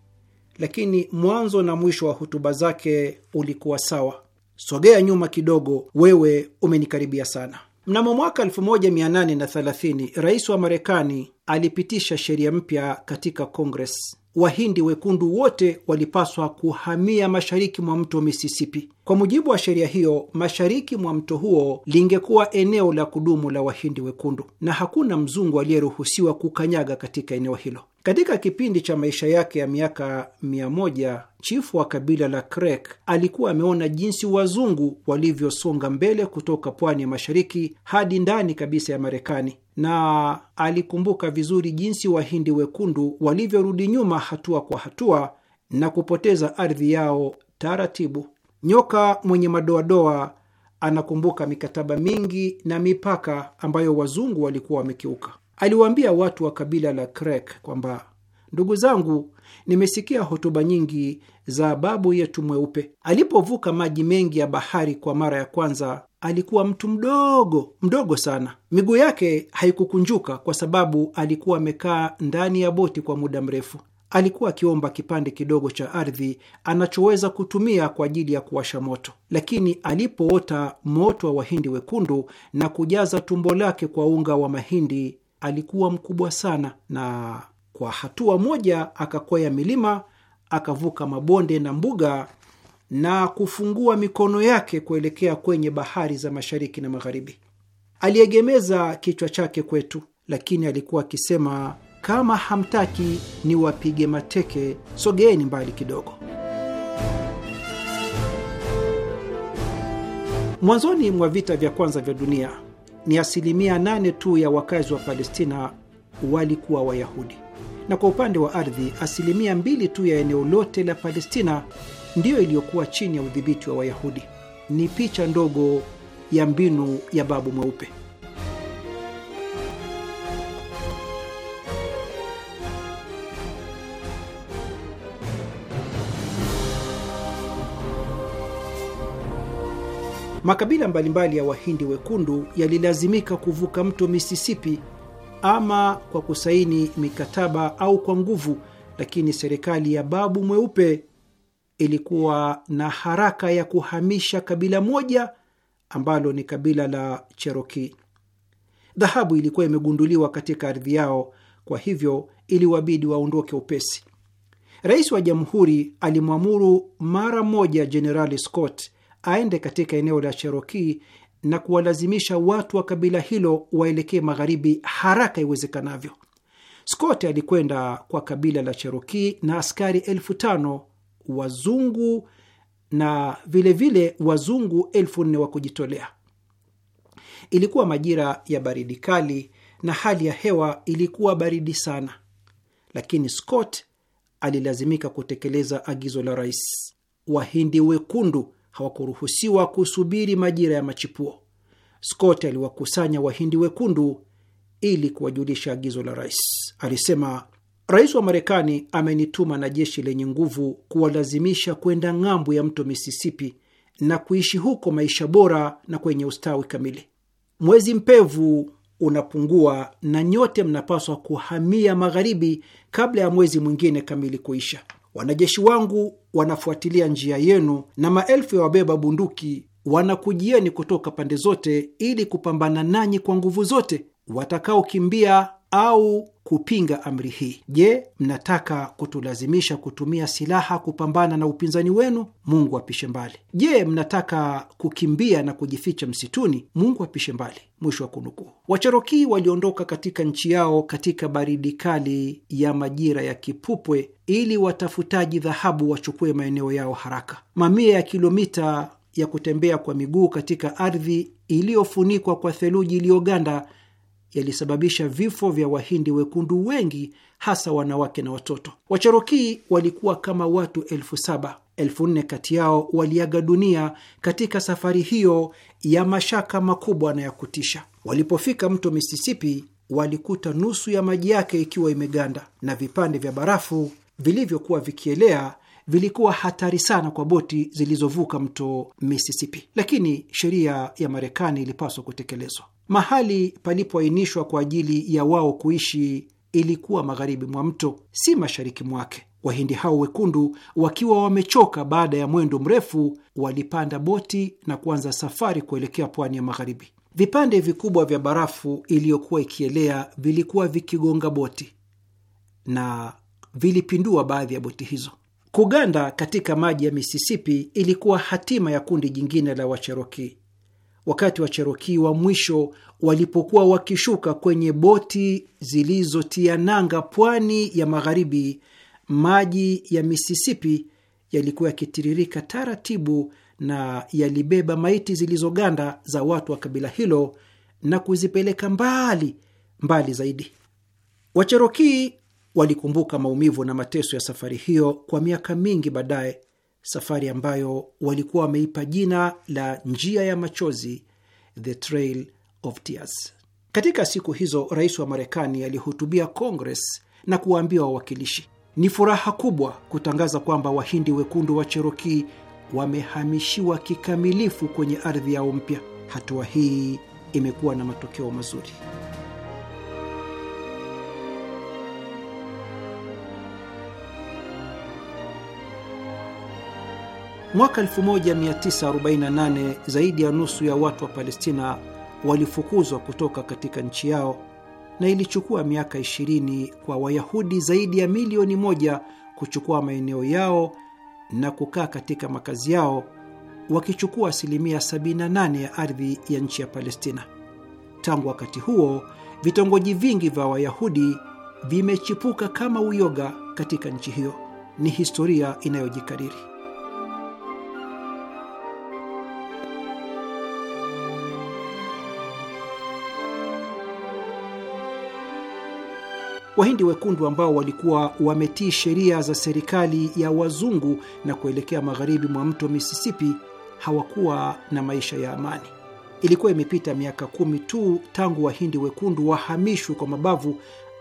lakini mwanzo na mwisho wa hotuba zake ulikuwa sawa. Sogea nyuma kidogo, wewe umenikaribia sana. Mnamo mwaka 1830 rais wa Marekani alipitisha sheria mpya katika Kongres Wahindi wekundu wote walipaswa kuhamia mashariki mwa mto Misisipi. Kwa mujibu wa sheria hiyo, mashariki mwa mto huo lingekuwa eneo la kudumu la Wahindi wekundu na hakuna mzungu aliyeruhusiwa kukanyaga katika eneo hilo. Katika kipindi cha maisha yake ya miaka mia moja, chifu wa kabila la Krek alikuwa ameona jinsi wazungu walivyosonga mbele kutoka pwani ya mashariki hadi ndani kabisa ya Marekani, na alikumbuka vizuri jinsi Wahindi wekundu walivyorudi nyuma hatua kwa hatua na kupoteza ardhi yao taratibu. Nyoka mwenye madoadoa anakumbuka mikataba mingi na mipaka ambayo wazungu walikuwa wamekiuka aliwaambia watu wa kabila la Krek kwamba ndugu zangu, nimesikia hotuba nyingi za babu yetu mweupe. Alipovuka maji mengi ya bahari kwa mara ya kwanza, alikuwa mtu mdogo mdogo sana. Miguu yake haikukunjuka kwa sababu alikuwa amekaa ndani ya boti kwa muda mrefu. Alikuwa akiomba kipande kidogo cha ardhi anachoweza kutumia kwa ajili ya kuwasha moto, lakini alipoota moto wa wahindi wekundu na kujaza tumbo lake kwa unga wa mahindi alikuwa mkubwa sana, na kwa hatua moja akakwea milima, akavuka mabonde na mbuga na kufungua mikono yake kuelekea kwenye bahari za mashariki na magharibi. Aliegemeza kichwa chake kwetu, lakini alikuwa akisema, kama hamtaki niwapige mateke, sogeeni mbali kidogo. Mwanzoni mwa vita vya kwanza vya dunia ni asilimia nane tu ya wakazi wa Palestina walikuwa Wayahudi, na kwa upande wa ardhi asilimia mbili tu ya eneo lote la Palestina ndiyo iliyokuwa chini ya udhibiti wa Wayahudi. Ni picha ndogo ya mbinu ya Babu Mweupe. Makabila mbalimbali ya Wahindi wekundu yalilazimika kuvuka mto Misisipi ama kwa kusaini mikataba au kwa nguvu, lakini serikali ya Babu Mweupe ilikuwa na haraka ya kuhamisha kabila moja ambalo ni kabila la Cherokee. Dhahabu ilikuwa imegunduliwa katika ardhi yao, kwa hivyo iliwabidi waondoke upesi. Rais wa jamhuri alimwamuru mara moja Jenerali Scott aende katika eneo la Cherokii na kuwalazimisha watu wa kabila hilo waelekee magharibi haraka iwezekanavyo. Scott alikwenda kwa kabila la cheroki na askari elfu tano wazungu na vilevile vile wazungu elfu nne wa kujitolea. Ilikuwa majira ya baridi kali na hali ya hewa ilikuwa baridi sana, lakini Scott alilazimika kutekeleza agizo la rais. Wahindi wekundu hawakuruhusiwa kusubiri majira ya machipuo. Scott aliwakusanya wahindi wekundu ili kuwajulisha agizo la rais. Alisema, rais wa Marekani amenituma na jeshi lenye nguvu kuwalazimisha kwenda ng'ambo ya mto Misisipi na kuishi huko maisha bora na kwenye ustawi kamili. Mwezi mpevu unapungua na nyote mnapaswa kuhamia magharibi kabla ya mwezi mwingine kamili kuisha. Wanajeshi wangu wanafuatilia njia yenu na maelfu ya wabeba bunduki wanakujieni kutoka pande zote ili kupambana nanyi kwa nguvu zote. Watakaokimbia au kupinga amri hii? Je, mnataka kutulazimisha kutumia silaha kupambana na upinzani wenu? Mungu apishe mbali. Je, mnataka kukimbia na kujificha msituni? Mungu apishe mbali. Mwisho wa kunukuu. Wacherokii waliondoka katika nchi yao katika baridi kali ya majira ya kipupwe, ili watafutaji dhahabu wachukue maeneo yao haraka. Mamia ya kilomita ya kutembea kwa miguu katika ardhi iliyofunikwa kwa theluji iliyoganda yalisababisha vifo vya Wahindi wekundu wengi, hasa wanawake na watoto. Wacherokii walikuwa kama watu elfu saba. Elfu nne kati yao waliaga dunia katika safari hiyo ya mashaka makubwa na ya kutisha. Walipofika mto Misisipi, walikuta nusu ya maji yake ikiwa imeganda na vipande vya barafu vilivyokuwa vikielea vilikuwa hatari sana kwa boti zilizovuka mto Misisipi, lakini sheria ya Marekani ilipaswa kutekelezwa. Mahali palipoainishwa kwa ajili ya wao kuishi ilikuwa magharibi mwa mto, si mashariki mwake. Wahindi hao wekundu, wakiwa wamechoka baada ya mwendo mrefu, walipanda boti na kuanza safari kuelekea pwani ya magharibi. Vipande vikubwa vya barafu iliyokuwa ikielea vilikuwa vikigonga boti na vilipindua baadhi ya boti hizo. Kuganda katika maji ya Misisipi ilikuwa hatima ya kundi jingine la Wacheroki wakati Wacherokii wa mwisho walipokuwa wakishuka kwenye boti zilizotia nanga pwani ya magharibi, maji ya Misisipi yalikuwa yakitiririka taratibu na yalibeba maiti zilizoganda za watu wa kabila hilo na kuzipeleka mbali mbali zaidi. Wacherokii walikumbuka maumivu na mateso ya safari hiyo kwa miaka mingi baadaye safari ambayo walikuwa wameipa jina la njia ya machozi, the trail of tears. Katika siku hizo rais wa Marekani alihutubia Congress na kuwaambia wawakilishi, ni furaha kubwa kutangaza kwamba wahindi wekundu wa Cherokii wamehamishiwa kikamilifu kwenye ardhi yao mpya. Hatua hii imekuwa na matokeo mazuri. Mwaka 1948 zaidi ya nusu ya watu wa Palestina walifukuzwa kutoka katika nchi yao na ilichukua miaka 20 kwa Wayahudi zaidi ya milioni moja kuchukua maeneo yao na kukaa katika makazi yao wakichukua asilimia 78 ya ardhi ya nchi ya Palestina. Tangu wakati huo, vitongoji vingi vya Wayahudi vimechipuka kama uyoga katika nchi hiyo. Ni historia inayojikariri. Wahindi wekundu ambao walikuwa wametii sheria za serikali ya wazungu na kuelekea magharibi mwa mto Misisipi hawakuwa na maisha ya amani. Ilikuwa imepita miaka kumi tu tangu Wahindi wekundu wahamishwe kwa mabavu,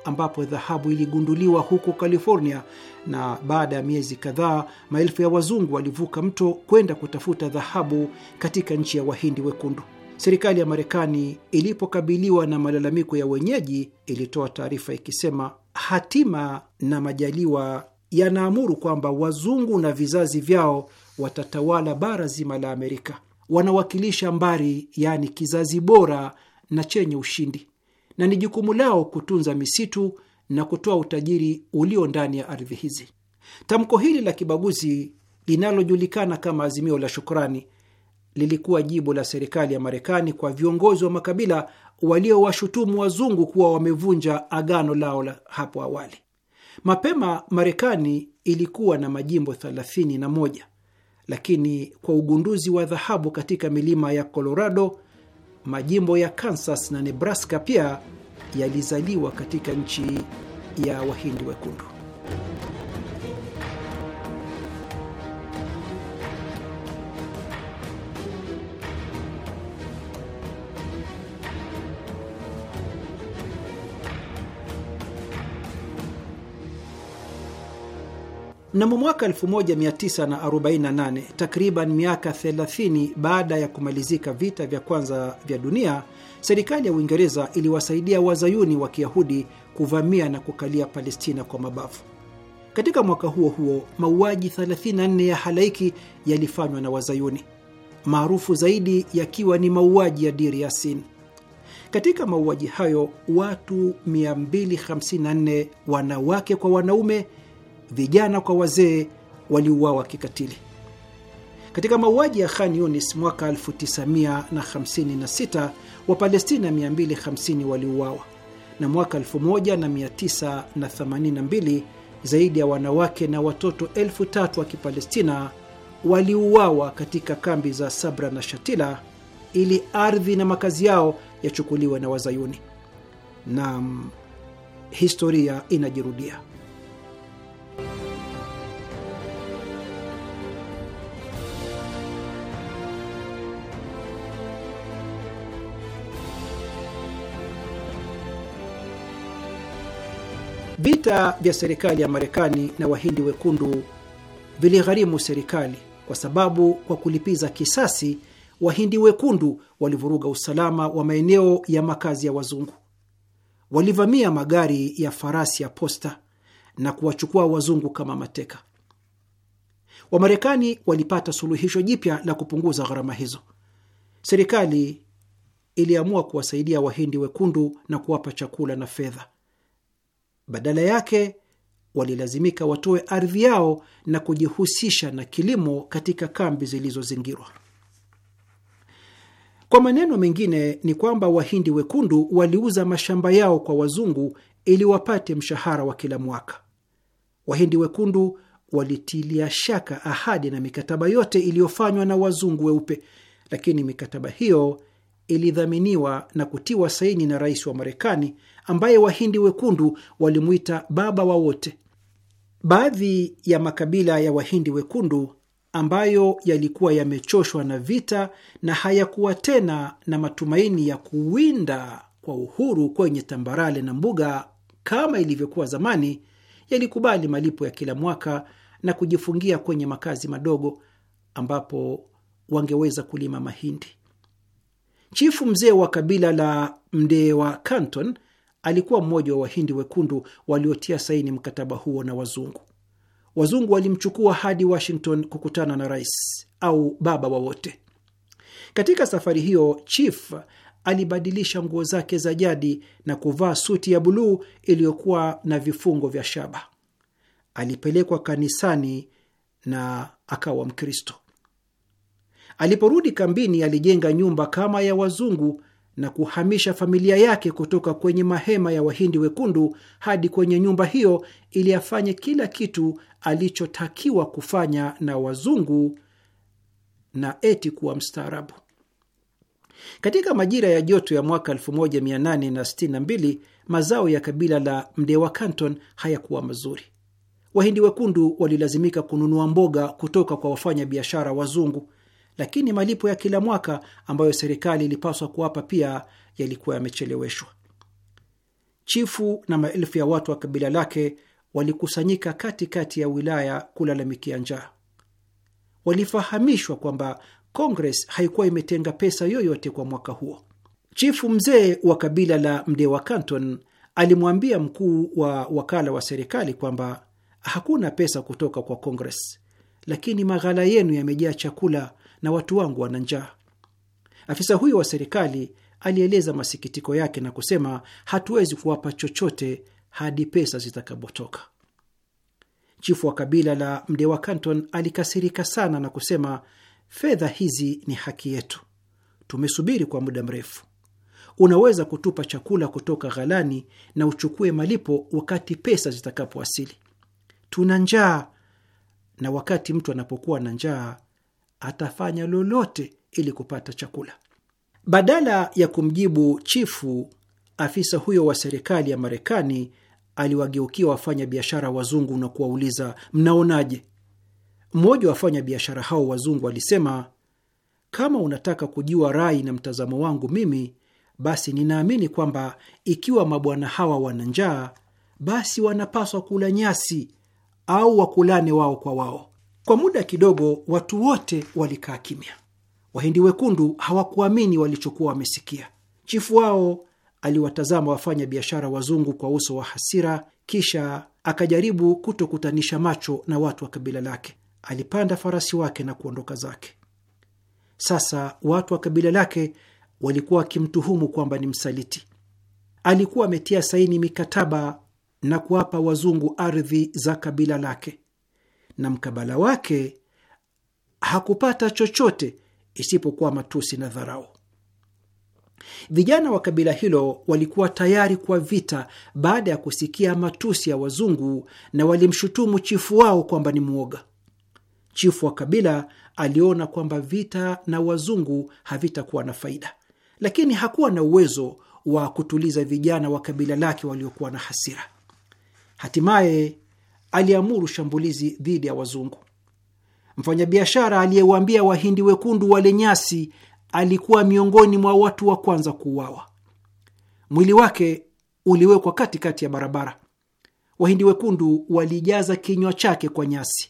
ambapo dhahabu iligunduliwa huko California, na baada ya miezi kadhaa maelfu ya wazungu walivuka mto kwenda kutafuta dhahabu katika nchi ya Wahindi wekundu. Serikali ya Marekani ilipokabiliwa na malalamiko ya wenyeji, ilitoa taarifa ikisema, hatima na majaliwa yanaamuru kwamba wazungu na vizazi vyao watatawala bara zima la Amerika, wanawakilisha mbari, yaani kizazi bora na chenye ushindi, na ni jukumu lao kutunza misitu na kutoa utajiri ulio ndani ya ardhi hizi. Tamko hili la kibaguzi linalojulikana kama azimio la shukrani lilikuwa jibu la serikali ya Marekani kwa viongozi wa makabila waliowashutumu wazungu kuwa wamevunja agano lao la hapo awali. Mapema Marekani ilikuwa na majimbo 31 lakini kwa ugunduzi wa dhahabu katika milima ya Colorado, majimbo ya Kansas na Nebraska pia yalizaliwa katika nchi ya wahindi wekundu. Mnamo mwaka 1948 takriban miaka 30 baada ya kumalizika vita vya kwanza vya dunia, serikali ya Uingereza iliwasaidia wazayuni wa kiyahudi kuvamia na kukalia Palestina kwa mabavu. Katika mwaka huo huo mauaji 34 ya halaiki yalifanywa na wazayuni, maarufu zaidi yakiwa ni mauaji ya Diri Yasin. Katika mauaji hayo watu 254 wanawake kwa wanaume vijana kwa wazee, waliuawa kikatili. Katika mauaji ya Khan Yunis mwaka 1956 Wapalestina 250 waliuawa na mwaka 1982 zaidi ya wanawake na watoto elfu tatu wa Kipalestina waliuawa katika kambi za Sabra na Shatila ili ardhi na makazi yao yachukuliwe na Wazayuni. Naam, historia inajirudia. Vita vya serikali ya Marekani na wahindi wekundu viligharimu serikali kwa sababu, kwa kulipiza kisasi, wahindi wekundu walivuruga usalama wa maeneo ya makazi ya wazungu. Walivamia magari ya farasi ya posta na kuwachukua wazungu kama mateka. Wamarekani walipata suluhisho jipya la kupunguza gharama hizo. Serikali iliamua kuwasaidia wahindi wekundu na kuwapa chakula na fedha. Badala yake walilazimika watoe ardhi yao na kujihusisha na kilimo katika kambi zilizozingirwa. Kwa maneno mengine, ni kwamba Wahindi wekundu waliuza mashamba yao kwa wazungu ili wapate mshahara wa kila mwaka. Wahindi wekundu walitilia shaka ahadi na mikataba yote iliyofanywa na wazungu weupe, lakini mikataba hiyo ilidhaminiwa na kutiwa saini na rais wa Marekani ambaye Wahindi wekundu walimwita baba wa wote. Baadhi ya makabila ya Wahindi wekundu ambayo yalikuwa yamechoshwa na vita na hayakuwa tena na matumaini ya kuwinda kwa uhuru kwenye tambarale na mbuga kama ilivyokuwa zamani, yalikubali malipo ya kila mwaka na kujifungia kwenye makazi madogo ambapo wangeweza kulima mahindi. Chifu mzee wa kabila la wa Canton alikuwa mmoja wa Wahindi wekundu waliotia saini mkataba huo na wazungu. Wazungu walimchukua hadi Washington kukutana na rais au baba wa wote. Katika safari hiyo, Chief alibadilisha nguo zake za jadi na kuvaa suti ya buluu iliyokuwa na vifungo vya shaba. Alipelekwa kanisani na akawa Mkristo. Aliporudi kambini, alijenga nyumba kama ya wazungu na kuhamisha familia yake kutoka kwenye mahema ya Wahindi wekundu hadi kwenye nyumba hiyo ili afanye kila kitu alichotakiwa kufanya na wazungu na eti kuwa mstaarabu. Katika majira ya joto ya mwaka 1862 mazao ya kabila la Mdewa Canton hayakuwa mazuri. Wahindi wekundu walilazimika kununua mboga kutoka kwa wafanya biashara wazungu lakini malipo ya kila mwaka ambayo serikali ilipaswa kuwapa pia yalikuwa yamecheleweshwa. Chifu na maelfu ya watu wa kabila lake walikusanyika katikati ya wilaya kulalamikia njaa. Walifahamishwa kwamba Kongres haikuwa imetenga pesa yoyote kwa mwaka huo. Chifu mzee wa kabila la wa Canton alimwambia mkuu wa wakala wa serikali kwamba hakuna pesa kutoka kwa Kongres, lakini maghala yenu yamejaa chakula na watu wangu wana njaa. Afisa huyo wa serikali alieleza masikitiko yake na kusema, hatuwezi kuwapa chochote hadi pesa zitakapotoka. Chifu wa kabila la Mdewa Canton alikasirika sana na kusema, fedha hizi ni haki yetu, tumesubiri kwa muda mrefu. Unaweza kutupa chakula kutoka ghalani na uchukue malipo wakati pesa zitakapowasili. Tuna njaa, na wakati mtu anapokuwa na njaa atafanya lolote ili kupata chakula. Badala ya kumjibu chifu, afisa huyo wa serikali ya Marekani aliwageukia wafanya biashara wazungu na kuwauliza mnaonaje? Mmoja wa wafanya biashara hao wazungu alisema, kama unataka kujua rai na mtazamo wangu mimi, basi ninaamini kwamba ikiwa mabwana hawa wana njaa, basi wanapaswa kula nyasi au wakulane wao kwa wao. Kwa muda kidogo, watu wote walikaa kimya. Wahindi wekundu hawakuamini walichokuwa wamesikia. Chifu wao aliwatazama wafanya biashara wazungu kwa uso wa hasira, kisha akajaribu kutokutanisha macho na watu wa kabila lake. Alipanda farasi wake na kuondoka zake. Sasa watu wa kabila lake walikuwa wakimtuhumu kwamba ni msaliti. Alikuwa ametia saini mikataba na kuwapa wazungu ardhi za kabila lake na mkabala wake hakupata chochote isipokuwa matusi na dharau. Vijana wa kabila hilo walikuwa tayari kwa vita baada ya kusikia matusi ya wazungu, na walimshutumu chifu wao kwamba ni mwoga. Chifu wa kabila aliona kwamba vita na wazungu havitakuwa na faida, lakini hakuwa na uwezo wa kutuliza vijana wa kabila lake waliokuwa na hasira. Hatimaye aliamuru shambulizi dhidi ya wazungu. Mfanyabiashara aliyewaambia Wahindi wekundu wale nyasi alikuwa miongoni mwa watu wa kwanza kuuawa. Mwili wake uliwekwa katikati ya barabara. Wahindi wekundu walijaza kinywa chake kwa nyasi.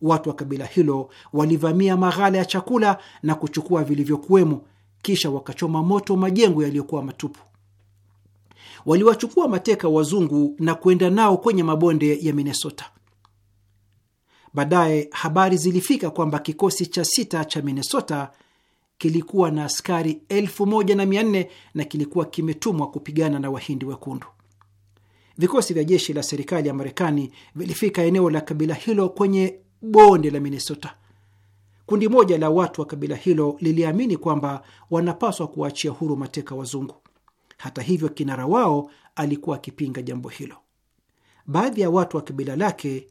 Watu wa kabila hilo walivamia maghala ya chakula na kuchukua vilivyokuwemo, kisha wakachoma moto majengo yaliyokuwa matupu waliwachukua mateka wazungu na kwenda nao kwenye mabonde ya Minnesota. Baadaye habari zilifika kwamba kikosi cha sita cha Minnesota kilikuwa na askari elfu moja na mia nne na kilikuwa kimetumwa kupigana na wahindi wekundu. Vikosi vya jeshi la serikali ya Marekani vilifika eneo la kabila hilo kwenye bonde la Minnesota. Kundi moja la watu wa kabila hilo liliamini kwamba wanapaswa kuwaachia huru mateka wazungu. Hata hivyo, kinara wao alikuwa akipinga jambo hilo. Baadhi ya watu wa kabila lake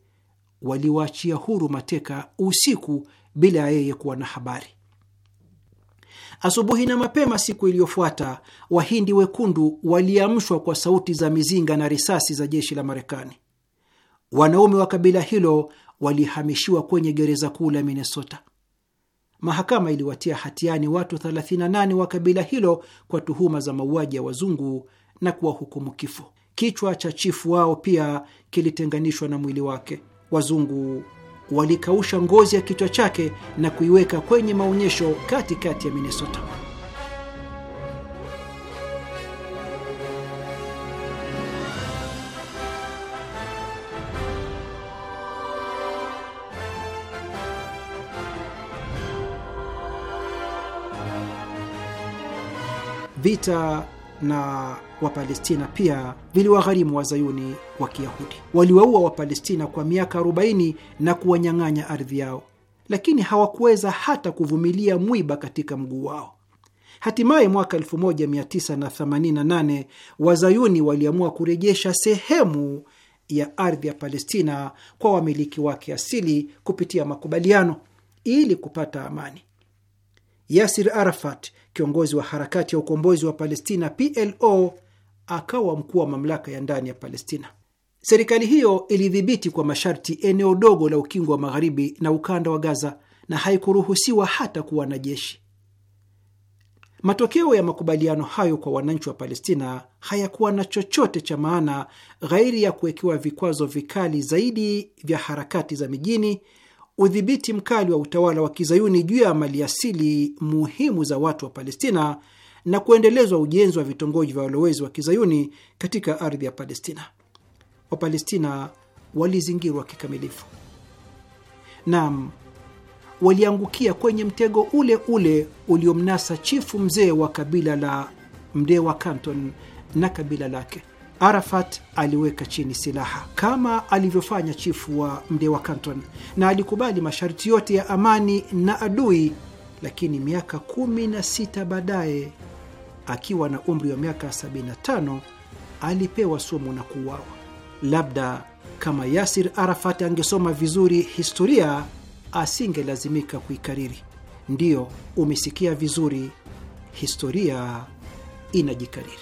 waliwaachia huru mateka usiku bila ya yeye kuwa na habari. Asubuhi na mapema siku iliyofuata, Wahindi wekundu waliamshwa kwa sauti za mizinga na risasi za jeshi la Marekani. Wanaume wa kabila hilo walihamishiwa kwenye gereza kuu la Minnesota mahakama iliwatia hatiani watu 38 wa kabila hilo kwa tuhuma za mauaji ya wazungu na kuwahukumu kifo. Kichwa cha chifu wao pia kilitenganishwa na mwili wake. Wazungu walikausha ngozi ya kichwa chake na kuiweka kwenye maonyesho katikati ya Minnesota. Vita na Wapalestina pia viliwagharimu wazayuni wa Kiyahudi. Waliwaua Wapalestina kwa miaka 40 na kuwanyang'anya ardhi yao, lakini hawakuweza hata kuvumilia mwiba katika mguu wao. Hatimaye mwaka 1988 wazayuni waliamua kurejesha sehemu ya ardhi ya Palestina kwa wamiliki wake asili kupitia makubaliano ili kupata amani. Yasir Arafat kiongozi wa harakati ya ukombozi wa Palestina PLO akawa mkuu wa mamlaka ya ndani ya Palestina. Serikali hiyo ilidhibiti kwa masharti eneo dogo la ukingo wa magharibi na ukanda wa Gaza na haikuruhusiwa hata kuwa na jeshi. Matokeo ya makubaliano hayo kwa wananchi wa Palestina hayakuwa na chochote cha maana ghairi ya kuwekewa vikwazo vikali zaidi vya harakati za mijini udhibiti mkali wa utawala wa kizayuni juu ya maliasili muhimu za watu wa Palestina na kuendelezwa ujenzi wa vitongoji vya walowezi wa kizayuni katika ardhi ya Palestina. Wapalestina walizingirwa kikamilifu. Naam, waliangukia kwenye mtego ule ule uliomnasa chifu mzee wa kabila la wa Canton na kabila lake. Arafat aliweka chini silaha kama alivyofanya chifu wa mde wa Canton na alikubali masharti yote ya amani na adui, lakini miaka 16 baadaye akiwa na umri wa miaka 75 alipewa sumu na kuuawa. Labda kama Yasir Arafat angesoma vizuri historia asingelazimika kuikariri. Ndiyo, umesikia vizuri, historia inajikariri.